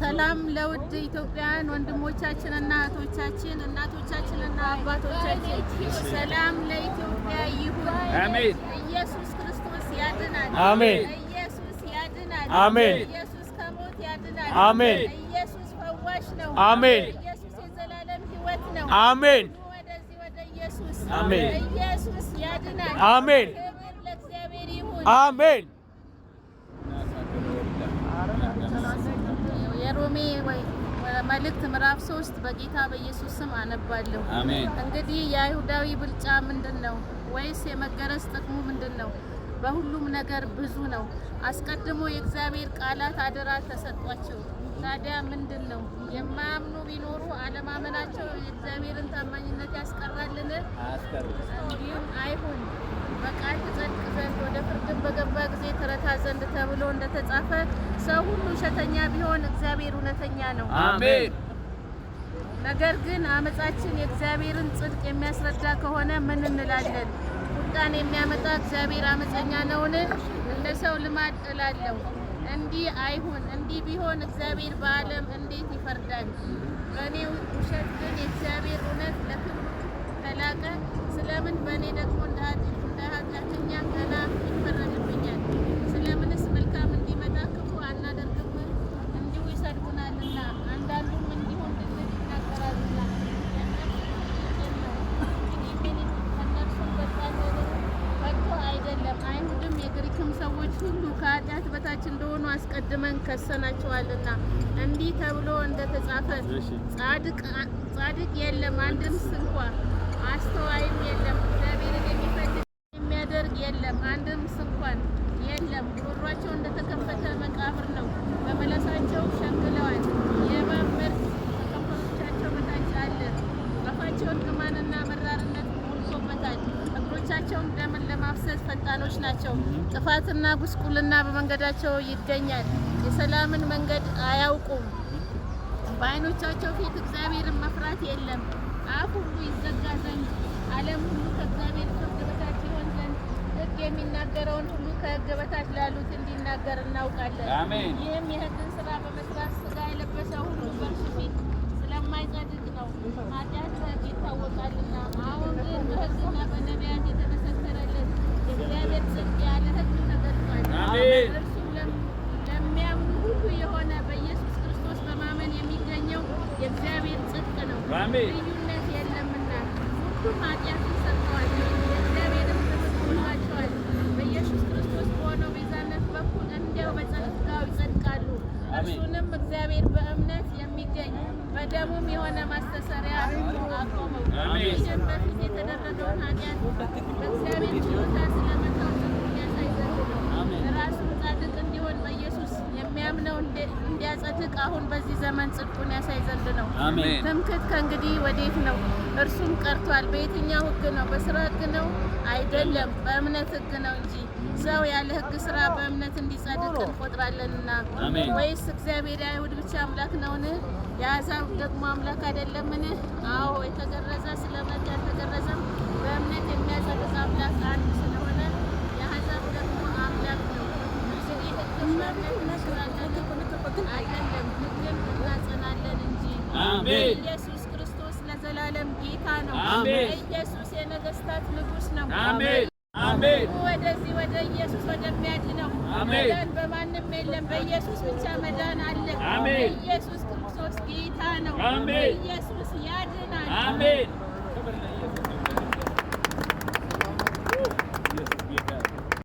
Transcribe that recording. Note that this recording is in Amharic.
ሰላም ለውድ ኢትዮጵያውያን ወንድሞቻችን እና እህቶቻችን፣ እናቶቻችን እና አባቶቻችን፣ ሰላም ለኢትዮጵያ ይሁን። አሜን። ኢየሱስ ክርስቶስ ያድናል። አሜን። ኢየሱስ ያድናል። አሜን። ኢየሱስ ከሞት ያድናል። አሜን። ኢየሱስ ፈዋሽ ነው። አሜን። ኢየሱስ የዘላለም ሕይወት ነው። አሜን። ወደዚህ ወደ ኢየሱስ። አሜን። ኢየሱስ ያድናል። አሜን። ክብር ለእግዚአብሔር ይሁን። አሜን። ሮሜ ወይ መልእክት ምዕራፍ ሶስት በጌታ በኢየሱስ ስም አነባለሁ። አሜን። እንግዲህ የአይሁዳዊ ብልጫ ምንድን ነው? ወይስ የመገረዝ ጥቅሙ ምንድን ነው? በሁሉም ነገር ብዙ ነው። አስቀድሞ የእግዚአብሔር ቃላት አደራ ተሰጧቸው። ታዲያ ምንድን ነው? የማያምኑ ቢኖሩ አለማመናቸው የእግዚአብሔርን ታማኝነት ያስቀራልን? እንዲሁም አይሁን በቃል ጽድቅ ዘንድ ወደ ፍርድን በገባ ጊዜ ተረታ ዘንድ ተብሎ እንደተጻፈ ሰው ሁሉ ውሸተኛ ቢሆን እግዚአብሔር እውነተኛ ነው። አሜን። ነገር ግን አመጻችን የእግዚአብሔርን ጽድቅ የሚያስረዳ ከሆነ ምን እንላለን? ቁጣን የሚያመጣ እግዚአብሔር አመፀኛ ነውን? እንደ ሰው ልማድ እላለሁ። እንዲህ አይሁን። እንዲህ ቢሆን እግዚአብሔር በዓለም እንዴት ይፈርዳል? በእኔ ውሸት ግን የእግዚአብሔር እውነት ለክብሩ ተላቀ። ስለምን በእኔ ደግሞ እንደ ሁሉ ከኃጢአት በታች እንደሆኑ አስቀድመን ከሰናቸዋልና እንዲህ ተብሎ እንደተጻፈ ጻድቅ የለም አንድም ስንኳ፣ አስተዋይም የለም፣ እግዚአብሔርን የሚፈልግ የሚያደርግ የለም አንድም ስንኳን የለም። ጉሮሯቸው እንደተከፈተ መቃብር ነው፣ በመለሳቸው ሸንግለዋል። ሰዎች ናቸው። ጥፋትና ጉስቁልና በመንገዳቸው ይገኛል። የሰላምን መንገድ አያውቁም። በዓይኖቻቸው ፊት እግዚአብሔርን መፍራት የለም። አፍ ሁሉ ይዘጋ ዘንድ ዓለም ሁሉ ከእግዚአብሔር ፍርድ በታች ይሆን ዘንድ ሕግ የሚናገረውን ሁሉ ከሕግ በታች ላሉት እንዲናገር እናውቃለን። ይህም የሕግን ስራ በመስራት ስጋ የለበሰ ሁሉ በእርሱ ፊት ስለማይጸድቅ ልዩነት የለምና ሁሉም ኃጢአትን ሰርተዋል፣ የእግዚአብሔርም ርስት ሆኗቸዋል። በኢየሱስ ክርስቶስ በሆነው ቤዛነት በኩል እንዲያው በጸጋው ይጸድቃሉ። እርሱንም እግዚአብሔር በእምነት የሚገኝ በደሙም የሆነ ማስተሰሪያ አቆመው። ይህም በፊት የተደረገውን ኃጢአት በእግዚአብሔር ችሎታ ሰው እንዲያጸድቅ አሁን በዚህ ዘመን ጽድቁን ያሳይ ዘንድ ነው። ትምክህት ከእንግዲህ ወዴት ነው? እርሱም ቀርቷል። በየትኛው ህግ ነው? በስራ ህግ ነው አይደለም፣ በእምነት ህግ ነው እንጂ ሰው ያለ ህግ ስራ በእምነት እንዲጸድቅ እንቆጥራለንና። ወይስ እግዚአብሔር የአይሁድ ብቻ አምላክ ነውን? የአሕዛብ ደግሞ አምላክ አይደለምን? አዎ የተገረዘ ስለመጣ አልተገረዘም፣ በእምነት የሚያጸድቅ አምላክ ኢየሱስ ክርስቶስ ለዘላለም ጌታ ነው። ኢየሱስ የነገስታት ንጉስ ነው። ወደዚህ ወደ ኢየሱስ ወደሚያድነው መዳን በማንም የለም፣ በኢየሱስ ብቻ መዳን አለ። ኢየሱስ ክርስቶስ ጌታ ነው። ኢየሱስ ያድናል።